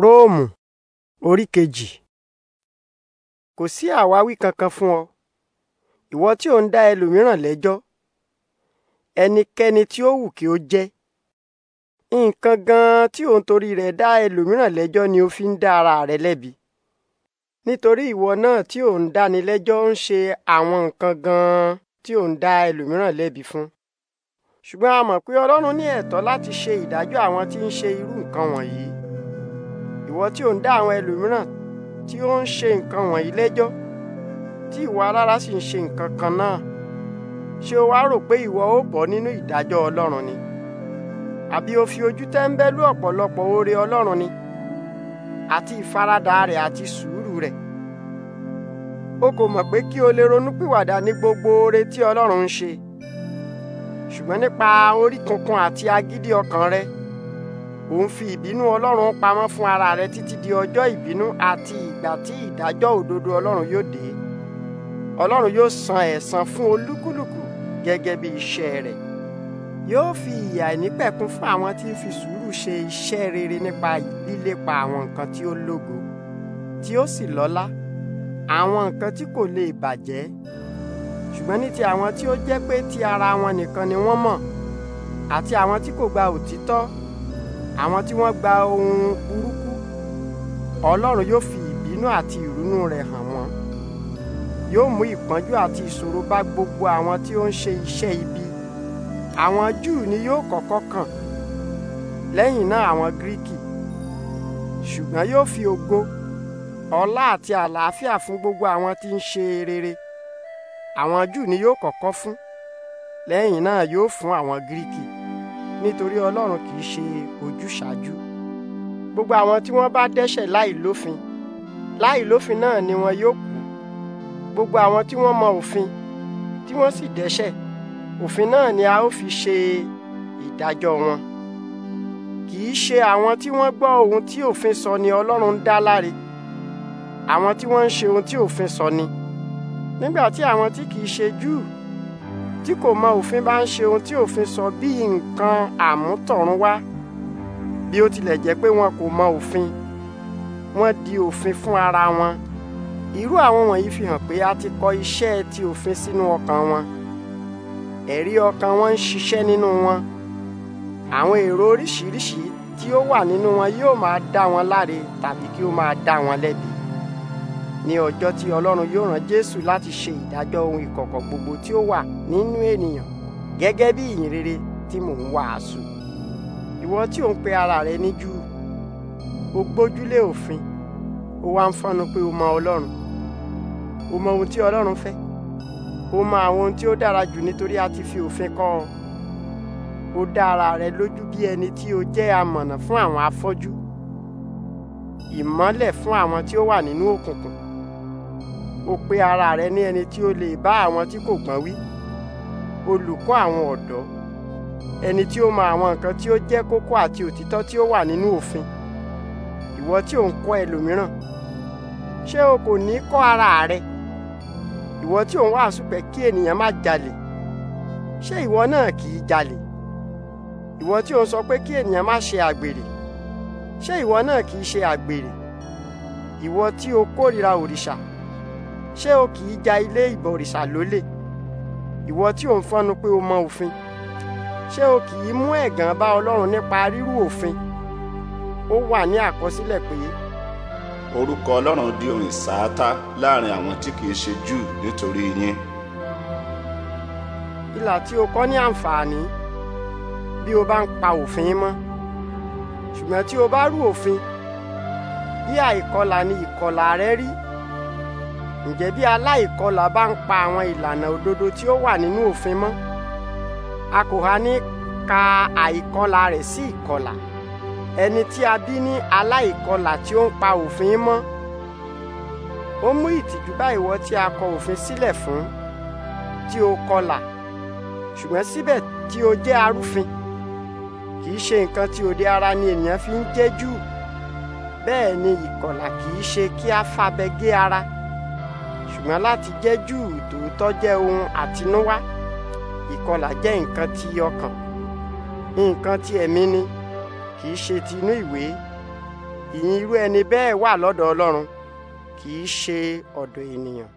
róòmù orí kejì kò sí àwáwí kankan fún ọ ìwọ tí ò ń dá ẹlòmíràn lẹ́jọ́ ẹnikẹ́ni tí ó wù kí ó jẹ́ nǹkan gan-an tí ò ń torí rẹ̀ dá ẹlòmíràn lẹ́jọ́ ni ó fi ń dá ara rẹ̀ lẹ́bi nítorí ìwọ náà tí ò ń dáni lẹ́jọ́ ń ṣe àwọn nǹkan gan-an tí ò ń dá ẹlòmíràn lẹ́bi fún ṣùgbọ́n a mọ̀ pé Ọlọ́run ní ẹ̀tọ́ láti ṣe ìdájọ́ àwọn tí ń ṣe irú nǹkan wọ̀nyí ìwọ tí ò ń dá àwọn ẹlòmíràn tí ó ń ṣe nǹkan wọ̀nyí lẹ́jọ́ tí ìwọ alára sì ń ṣe nǹkan kan náà ṣé o wá rò pé ìwọ ó bọ́ nínú ìdájọ́ Ọlọ́run ni àbí o fi ojú tẹ́ńbẹ́lú ọ̀pọ̀lọpọ̀ oore Ọlọ́run ni àti ìfaradà rẹ̀ àti sùúrù rẹ̀ o kò mọ̀ pé kí o lè ronúpìwàdà ní gbogbo oore tí Ọlọ́run ń ṣe ṣùgbọ́n nípa orí kankan àti agídí ọkàn rẹ̀ ò ń fi ìbínú ọlọ́run pamọ́ fún ara rẹ títí di ọjọ́ ìbínú àti ìgbà tí ìdájọ́ òdodo ọlọ́run yóò dé ọlọ́run yóò san ẹ̀san fún olúkúlùkù gẹ́gẹ́ bí iṣẹ́ rẹ̀ yóò fi ìyà ìnípẹ̀kún fún àwọn tí ń fi sùúrù ṣe iṣẹ́ rere nípa lílépa àwọn nǹkan tí ó lógo tí ó sì lọ́lá àwọn nǹkan tí kò lè bàjẹ́ ṣùgbọ́n ní ti àwọn tí ó jẹ́ pé ti ara wọn nìkan ni wọ́n mọ̀ àti àwọn tí kò gba òtítọ́ àwọn tí wọ́n gba ohun burúkú ọlọ́run yóò fi ìbínú àti ìrunú rẹ̀ hàn wọ́n yóò mú ìpọ́njú àti ìṣòro bá gbogbo àwọn tí ó ń ṣe iṣẹ́ ibi àwọn júù ni yóò kọ́kọ́ kàn lẹ́yìn náà àwọn gíríkì ṣùgbọ́n yóò fi ògo ọlá àti àlàáfíà fún gbogbo àwọn tí ń ṣe rere àwọn júù ni yóò kọ́kọ́ fún lẹ́yìn náà yóò fún àwọn gíríkì nítorí ọlọ́run kì í ṣe ojúṣàájú gbogbo àwọn tí wọ́n bá dẹ́ṣẹ̀ láìlófin láìlófin náà ni wọn yóò kú gbogbo àwọn tí wọ́n mọ òfin tí wọ́n sì dẹ́ṣẹ̀ òfin náà ni a ó fi ṣe ìdájọ́ wọn kì í ṣe àwọn tí wọ́n gbọ́ ohun tí òfin sọ ni ọlọ́run ń dá láre àwọn tí wọ́n ń ṣe ohun tí òfin sọ ni nígbà tí àwọn tí kì í ṣe júù tí kò mọ òfin bá ń ṣe ohun tí òfin sọ bí nǹkan àmútọ̀runwá bí ó tilẹ̀ jẹ́ pé wọn kò mọ òfin wọ́n di òfin fún ara wọn irú àwọn wọ̀nyí fi hàn pé a ti kọ iṣẹ́ ti òfin sínú ọkàn wọn ẹ̀rí ọkàn wọn ń ṣiṣẹ́ nínú wọn àwọn èrò oríṣiríṣi tí ó wà nínú wọn yóò máa dá wọn láre tàbí kí ó máa dá wọn lẹ́bi ní ọjọ́ tí ọlọ́run yóò rán jésù láti ṣe ìdájọ́ ohun ìkọ̀kọ̀ gbogbo tí ó wà nínú ènìyàn gẹ́gẹ́ bí ìyìn rere tí mò ń wàásù ìwọ tí ò ń pe ara rẹ ní júù o gbójúlé òfin o wá ń fọnu pé o mọ ọlọ́run o mọ ohun tí ọlọ́run fẹ́ o mọ àwọn ohun tí ó dára jù nítorí a ti fi òfin kọ́ ọ o dá ara rẹ lójú bí ẹni tí o jẹ́ amọ̀nà fún àwọn afọ́jú ìmọ́lẹ̀ fún àwọn tí ó wà nínú òkùnkùn o pè ara rẹ ní ẹni tí ó lè bá àwọn tí kò gbọ́n wí olùkọ́ àwọn ọ̀dọ́ ẹni tí ó mọ àwọn nǹkan tí ó jẹ́ kókó àti òtítọ́ tí ó wà nínú òfin ìwọ tí ò ń kọ́ ẹlòmíràn ṣé o kò ní kọ́ ara rẹ ìwọ tí ò ń wàásù pé kí ènìyàn má jalè ṣé ìwọ náà kì í jalè ìwọ tí ò ń sọ pé kí ènìyàn má ṣe àgbèrè ṣé ìwọ náà kì í ṣe àgbèrè ìwọ tí o kórìíra òrìṣà ṣé o kì í ja ilé ìbọ̀rìṣà lólè ìwọ tí ò ń fọnu pé o mọ òfin ṣé o kì í mú ẹ̀gàn bá ọlọ́run nípa rírú òfin ó wà ní àkọsílẹ̀ pé. orúkọ ọlọ́run di orin sáátá láàrin àwọn tí kì í ṣe júù nítorí yín. ìlà tí o kọ́ ní àǹfààní bí o bá ń pa òfin mọ́ ṣùgbọ́n tí o bá rú òfin bí àìkọlà ni ìkọlà rẹ rí ǹjẹ́ bí aláìkọlà bá ń pa àwọn ìlànà òdodo tí ó wà nínú òfin mọ́ a kò ha ní ka àìkọlà rẹ̀ sí ìkọlà ẹni tí a bí ní aláìkọlà tí ó ń pa òfin mọ́ ó mú ìtìjú bá ìwọ tí a kọ òfin sílẹ̀ fún tí ó kọlà ṣùgbọ́n síbẹ̀ tí ó jẹ́ arúfin kì í ṣe nǹkan tí òde ara ni ènìyàn fi ń jẹ́ jù bẹ́ẹ̀ ni ìkọlà kì í ṣe kí a fabẹ gé ara ṣùgbọ́n láti jẹ́ Júù tòótọ́ jẹ́ ohun àtinúwá ìkọlà jẹ́ nǹkan ti ọkàn nǹkan ti ẹ̀mí ni kì í ṣe ti inú ìwé ìyìn irú ẹni bẹ́ẹ̀ wà lọ́dọ̀ Ọlọ́run kì í ṣe ọ̀dọ̀ ènìyàn.